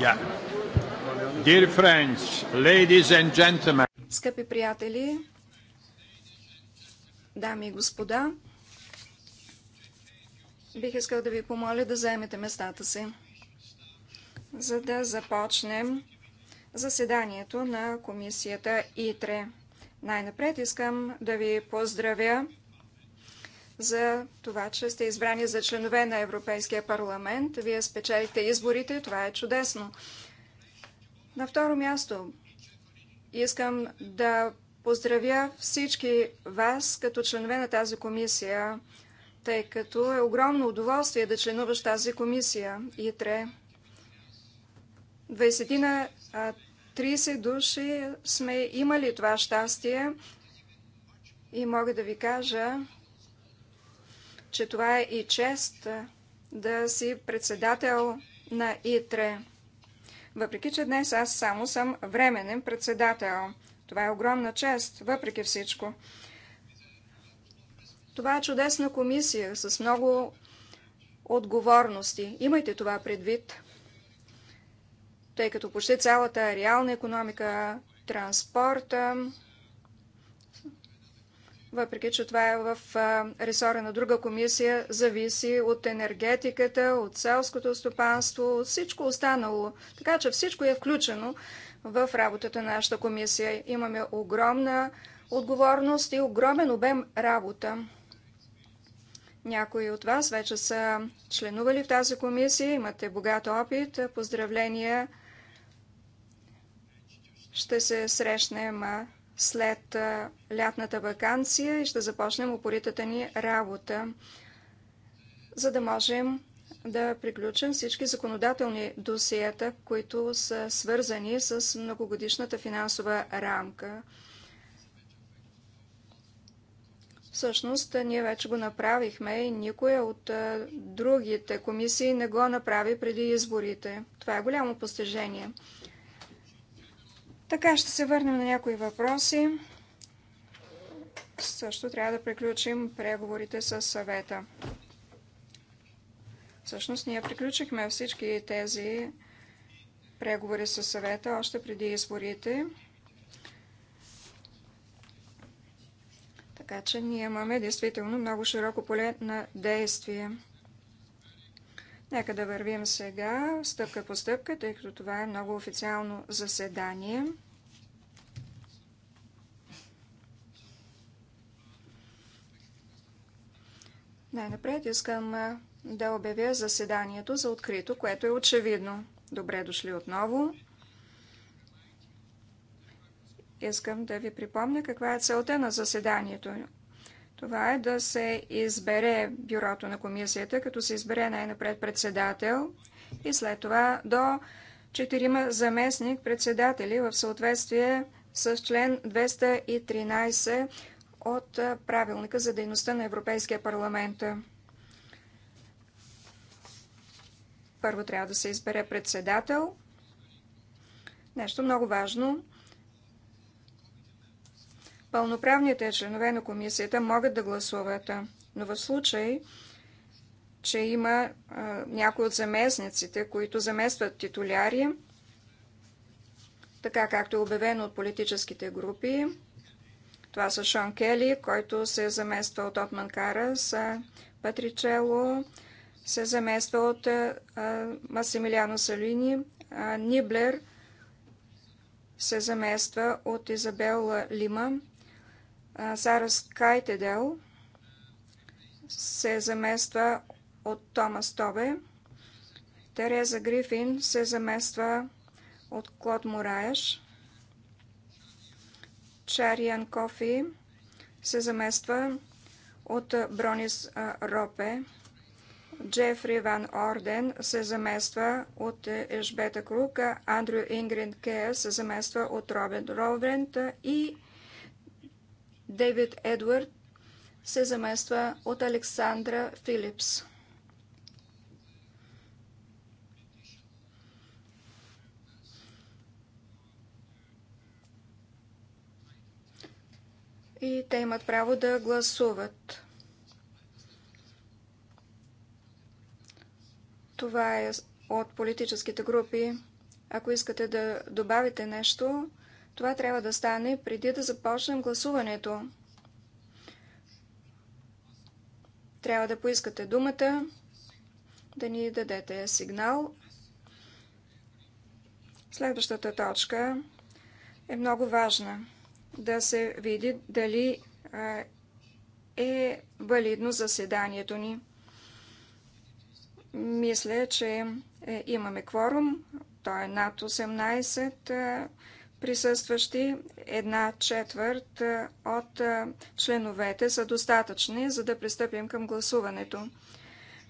Yeah. Friends, Скъпи приятели, дами и господа, бих искал да ви помоля да заемете местата си, за да започнем заседанието на комисията ИТРЕ. Най-напред искам да ви поздравя за това, че сте избрани за членове на Европейския парламент. Вие спечелихте изборите, това е чудесно. На второ място, искам да поздравя всички вас като членове на тази комисия, тъй като е огромно удоволствие да членуваш тази комисия, ИТРЕ. 20 на 30 души сме имали това щастие и мога да ви кажа, че това е и чест да си председател на ИТРЕ. Въпреки, че днес аз само съм временен председател. Това е огромна чест, въпреки всичко. Това е чудесна комисия с много отговорности. Имайте това предвид, тъй като почти цялата реална економика, транспорта, въпреки че това е в ресора на друга комисия, зависи от енергетиката, от селското стопанство, от всичко останало. Така че всичко е включено в работата на нашата комисия. Имаме огромна отговорност и огромен обем работа. Някои от вас вече са членували в тази комисия, имате богат опит. Поздравления! Ще се срещнем след лятната вакансия и ще започнем упоритата ни работа, за да можем да приключим всички законодателни досиета, които са свързани с многогодишната финансова рамка. Всъщност, ние вече го направихме и никоя от другите комисии не го направи преди изборите. Това е голямо постижение. Така ще се върнем на някои въпроси. Също трябва да приключим преговорите с съвета. Всъщност ние приключихме всички тези преговори с съвета още преди изборите. Така че ние имаме действително много широко поле на действие. Нека да вървим сега стъпка по стъпка, тъй като това е много официално заседание. Най-напред искам да обявя заседанието за открито, което е очевидно. Добре дошли отново. Искам да ви припомня каква е целта на заседанието. Това е да се избере бюрото на комисията, като се избере най-напред председател и след това до четирима заместник председатели в съответствие с член 213 от правилника за дейността на Европейския парламент. Първо трябва да се избере председател. Нещо много важно – пълноправните членове на комисията могат да гласуват. Но в случай, че има а, някои от заместниците, които заместват титуляри, така както е обявено от политическите групи, това са Шон Кели, който се замества от Отман Карас, Патричело се замества от а, Масимилиано Салини, а, Ниблер се замества от Изабел Лима, Сара Скайтедел се замества от Томас Тобе. Тереза Грифин се замества от Клод Мураеш, Чариан Кофи се замества от Бронис Ропе. Джефри Ван Орден се замества от Ежбета Крука, Андрю Ингрид Кея се замества от Робен Ровент и Дейвид Едвард се замества от Александра Филипс. И те имат право да гласуват. Това е от политическите групи. Ако искате да добавите нещо, това трябва да стане преди да започнем гласуването. Трябва да поискате думата, да ни дадете сигнал. Следващата точка е много важна. Да се види дали е валидно заседанието ни. Мисля, че е, имаме кворум. Той е над 18 присъстващи, една четвърт от членовете са достатъчни, за да пристъпим към гласуването.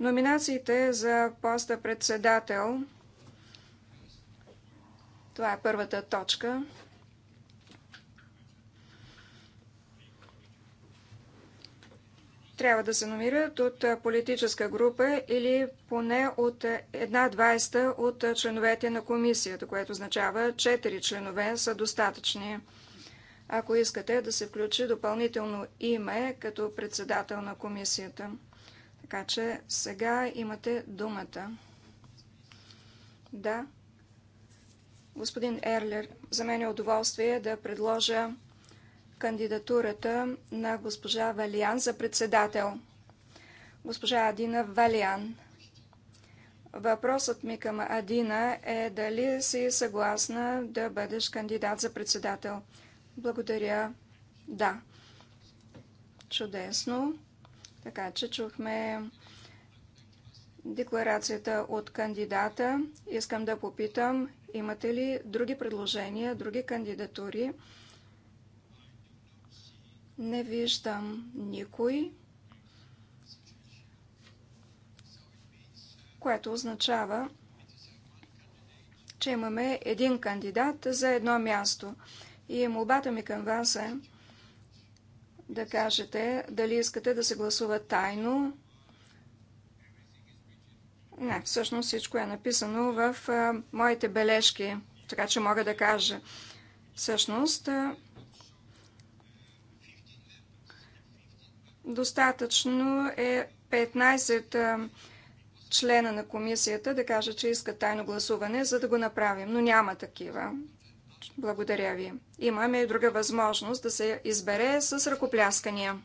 Номинациите за поста председател, това е първата точка, трябва да се номират от политическа група или поне от една двайста от членовете на комисията, което означава четири членове са достатъчни. Ако искате да се включи допълнително име като председател на комисията. Така че сега имате думата. Да. Господин Ерлер, за мен е удоволствие да предложа кандидатурата на госпожа Валиан за председател. Госпожа Адина Валиан. Въпросът ми към Адина е дали си съгласна да бъдеш кандидат за председател. Благодаря. Да. Чудесно. Така че чухме декларацията от кандидата. Искам да попитам, имате ли други предложения, други кандидатури? Не виждам никой, което означава, че имаме един кандидат за едно място. И молбата ми към вас е да кажете дали искате да се гласува тайно. Не, всъщност всичко е написано в а, моите бележки, така че мога да кажа. Всъщност, а, Достатъчно е 15 члена на комисията да кажа, че искат тайно гласуване, за да го направим, но няма такива. Благодаря ви. Имаме и друга възможност да се избере с ръкопляскания.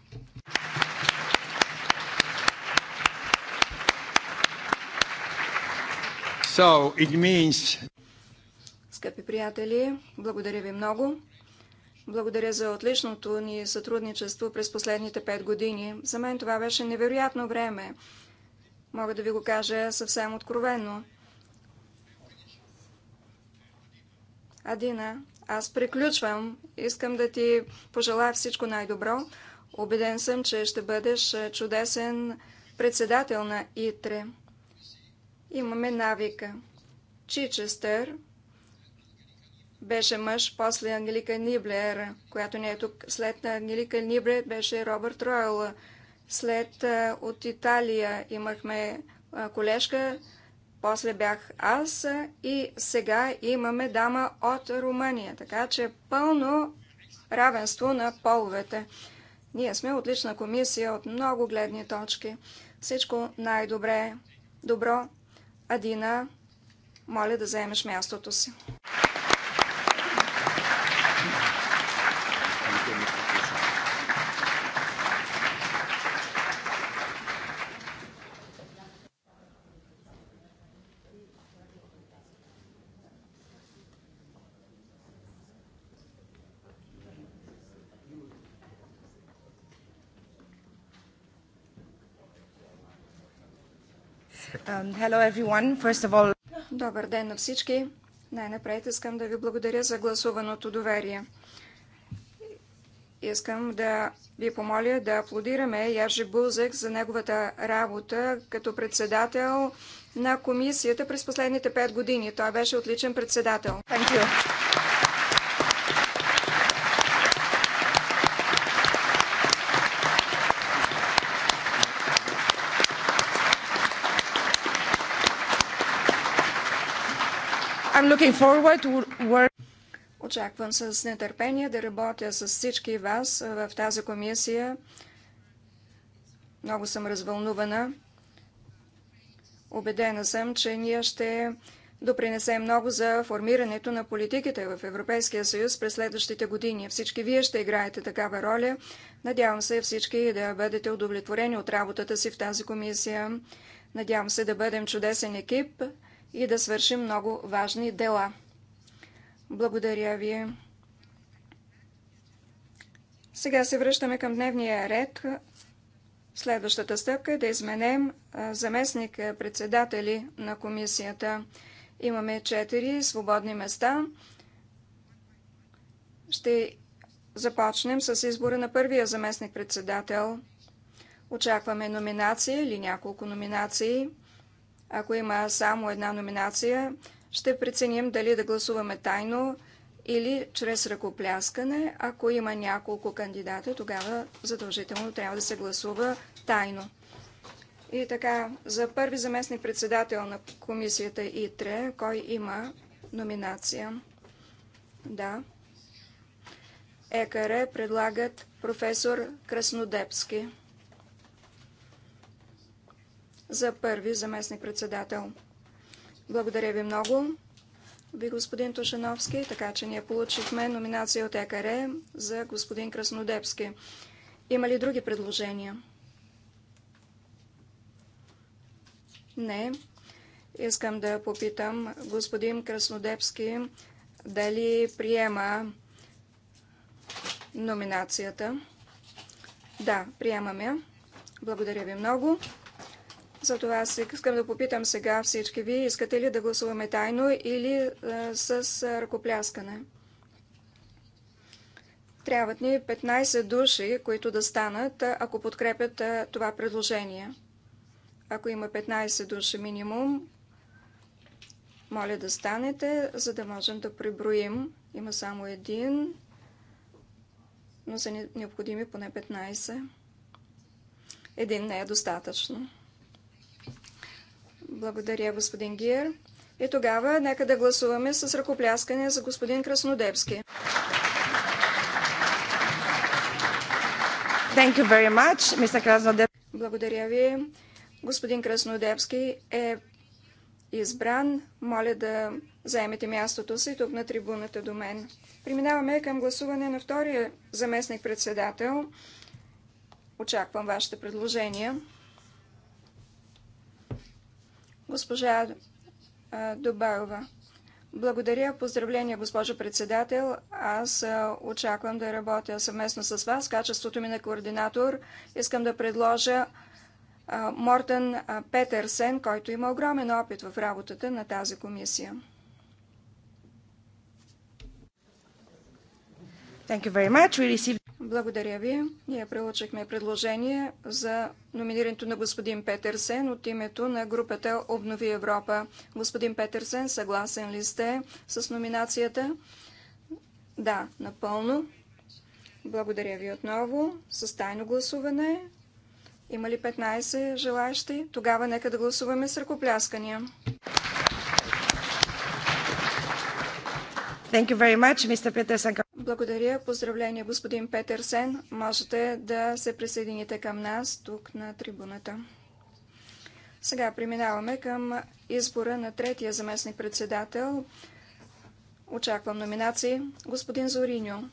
So, it means... Скъпи приятели, благодаря ви много. Благодаря за отличното ни сътрудничество през последните пет години. За мен това беше невероятно време. Мога да ви го кажа съвсем откровенно. Адина, аз приключвам. Искам да ти пожелая всичко най-добро. Обеден съм, че ще бъдеш е, чудесен председател на ИТРЕ. Имаме навика. Чичестър беше мъж, после Ангелика Ниблер, която не е тук. След Ангелика Ниблер беше Робърт Ройл. След от Италия имахме колежка, после бях аз и сега имаме дама от Румъния. Така че пълно равенство на половете. Ние сме отлична комисия от много гледни точки. Всичко най-добре. Добро. Адина, моля да заемеш мястото си. Um, Добър ден на всички. Най-напред искам да ви благодаря за гласуваното доверие. Искам да ви помоля да аплодираме Яжи Бузек за неговата работа като председател на комисията през последните пет години. Той беше отличен председател. Thank you. To... Очаквам с нетърпение да работя с всички вас в тази комисия. Много съм развълнувана. Обедена съм, че ние ще допринесем много за формирането на политиките в Европейския съюз през следващите години. Всички вие ще играете такава роля. Надявам се всички да бъдете удовлетворени от работата си в тази комисия. Надявам се да бъдем чудесен екип и да свършим много важни дела. Благодаря ви. Сега се връщаме към дневния ред. Следващата стъпка е да изменем заместник председатели на комисията. Имаме 4 свободни места. Ще започнем с избора на първия заместник председател. Очакваме номинации или няколко номинации. Ако има само една номинация, ще преценим дали да гласуваме тайно или чрез ръкопляскане. Ако има няколко кандидата, тогава задължително трябва да се гласува тайно. И така, за първи заместник председател на комисията ИТРЕ, кой има номинация? Да. Екаре, предлагат професор Краснодепски за първи заместник-председател. Благодаря ви много. Ви, господин Тушановски. така че ние получихме номинация от ЕКР за господин Краснодепски. Има ли други предложения? Не. Искам да попитам господин Краснодепски дали приема номинацията. Да, приемаме. Благодаря ви много. Затова аз искам да попитам сега всички ви, искате ли да гласуваме тайно или а, е, с е, ръкопляскане? Трябват ни 15 души, които да станат, е, ако подкрепят а, това предложение. Ако има 15 души минимум, моля да станете, за да можем да приброим. Има само един, но са необходими поне 15. Един не е достатъчно. Благодаря, господин Гиер. И тогава нека да гласуваме с ръкопляскане за господин Краснодевски. Thank you very much, Благодаря ви. Господин Краснодевски е избран. Моля да заемете мястото си тук на трибуната до мен. Преминаваме към гласуване на втория заместник председател. Очаквам вашите предложения. Госпожа Добарова. Благодаря. Поздравления, госпожо председател. Аз очаквам да работя съвместно с вас. Качеството ми на координатор искам да предложа Мортън Петърсен, който има огромен опит в работата на тази комисия. Thank you very much. We received... Благодаря ви. Ние приложихме предложение за номинирането на господин Петърсен от името на групата Обнови Европа. Господин Петърсен, съгласен ли сте с номинацията? Да, напълно. Благодаря ви отново. С тайно гласуване. Има ли 15 желаящи? Тогава нека да гласуваме с ръкопляскания. Thank you very much, Mr. Peterson. Благодаря. Поздравление, господин Петърсен. Можете да се присъедините към нас тук на трибуната. Сега преминаваме към избора на третия заместник-председател. Очаквам номинации. Господин Зориньо.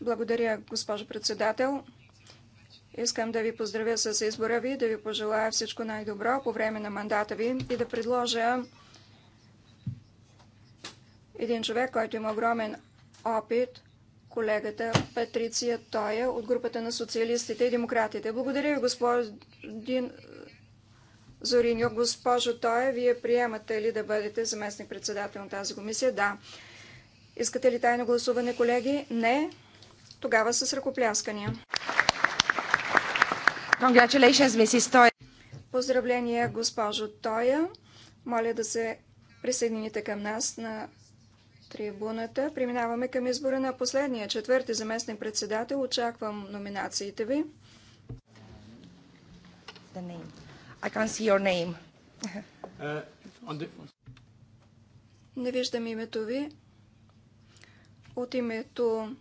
Благодаря, госпожо председател. Искам да ви поздравя с избора ви, да ви пожелая всичко най-добро по време на мандата ви и да предложа един човек, който има огромен опит, колегата Патриция Тоя е от групата на социалистите и демократите. Благодаря ви, господин Зориньо. Госпожо Тоя, вие приемате ли да бъдете заместник председател на тази комисия? Да. Искате ли тайно гласуване, колеги? Не. Тогава с ръкопляскания. Поздравления, госпожо Тоя. Моля да се присъедините към нас на трибуната. Преминаваме към избора на последния четвърти заместник председател. Очаквам номинациите ви. Не виждам името ви. От името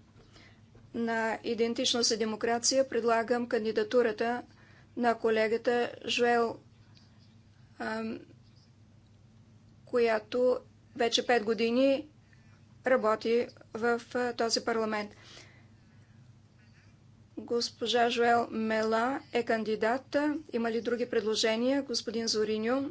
на Идентичност и демокрация предлагам кандидатурата на колегата Жуел, която вече 5 години работи в този парламент. Госпожа Жоел Мела е кандидат. Има ли други предложения? Господин Зориньо.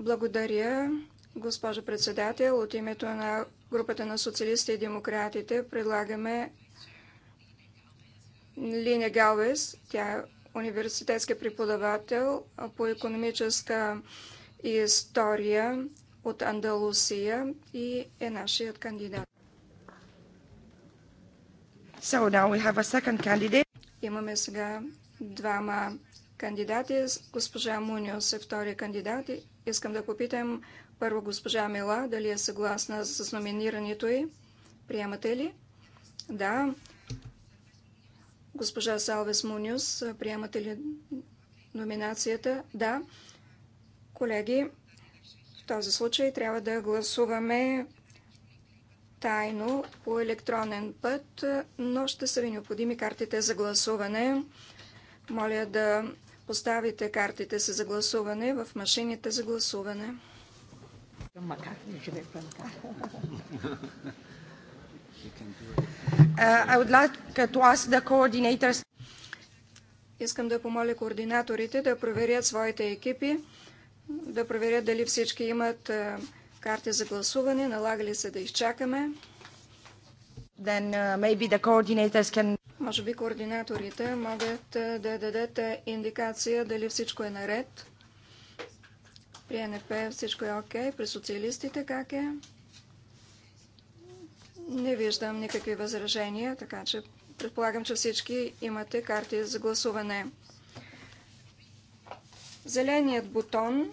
Благодаря, госпожо председател. От името на групата на социалистите и демократите предлагаме Лине Галвес. Тя е университетски преподавател по економическа и история от Андалусия и е нашият кандидат. So now we have a second candidate. Имаме сега двама кандидати. Госпожа Муниос е втори кандидат. Искам да попитам първо госпожа Мила дали е съгласна с номинирането й. Приемате ли? Да. Госпожа Салвес Муниос, приемате ли номинацията? Да. Колеги, в този случай трябва да гласуваме тайно по електронен път, но ще са ви необходими картите за гласуване. Моля да поставите картите си за гласуване в машините за гласуване. Uh, Искам да помоля координаторите да проверят своите екипи, да проверя дали всички имат е, карти за гласуване. Налагали се да изчакаме? Then, uh, maybe the coordinators can... Може би координаторите могат е, да дадат индикация дали всичко е наред. При НФП всичко е окей. Okay. При социалистите как е? Не виждам никакви възражения, така че предполагам, че всички имате карти за гласуване. Зеленият бутон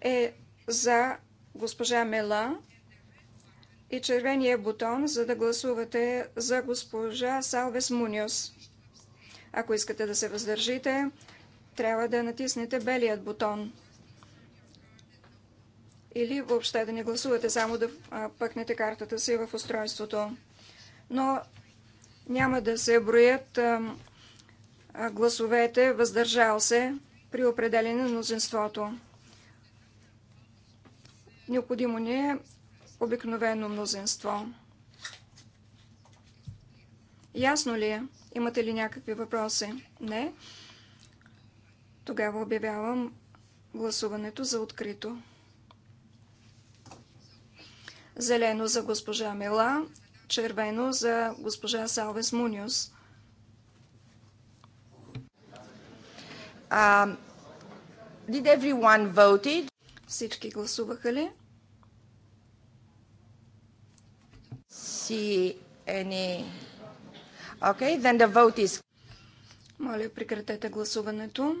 е за госпожа Мела и червения бутон, за да гласувате за госпожа Салвес Муниос. Ако искате да се въздържите, трябва да натиснете белият бутон. Или въобще да не гласувате, само да пъкнете картата си в устройството. Но няма да се броят гласовете въздържал се при определене на мнозинството. Необходимо ни е обикновено мнозинство. Ясно ли е? Имате ли някакви въпроси? Не. Тогава обявявам гласуването за открито. Зелено за госпожа Мила, червено за госпожа Салвес Муниус. Um, did everyone voted? Всички гласуваха ли? See any... Okay, then the vote is... Моля, прекратете гласуването.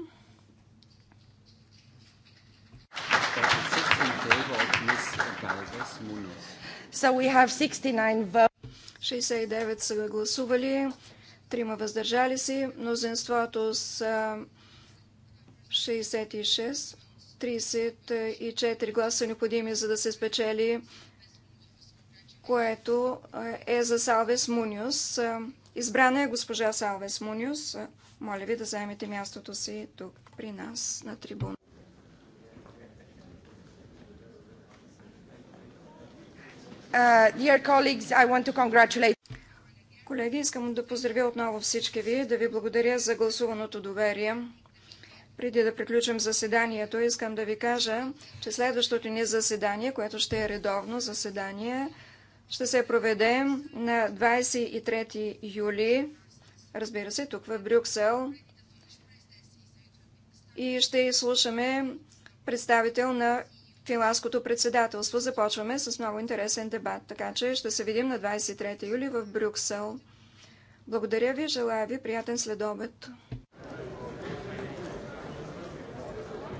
So we have 69 votes. 69 са гласували, трима въздържали си, мнозинството са 66, 34 гласа необходими, за да се спечели, което е за Салвес Муниус. Избрана е госпожа Салвес Муниус. Моля ви да заемете мястото си тук при нас на трибуна. Uh, dear colleagues, I want to congratulate Колеги, искам да поздравя отново всички ви, да ви благодаря за гласуваното доверие. Преди да приключим заседанието, искам да ви кажа, че следващото ни заседание, което ще е редовно заседание, ще се проведе на 23 юли, разбира се, тук в Брюксел. И ще изслушаме представител на финландското председателство. Започваме с много интересен дебат, така че ще се видим на 23 юли в Брюксел. Благодаря ви, желая ви приятен следобед.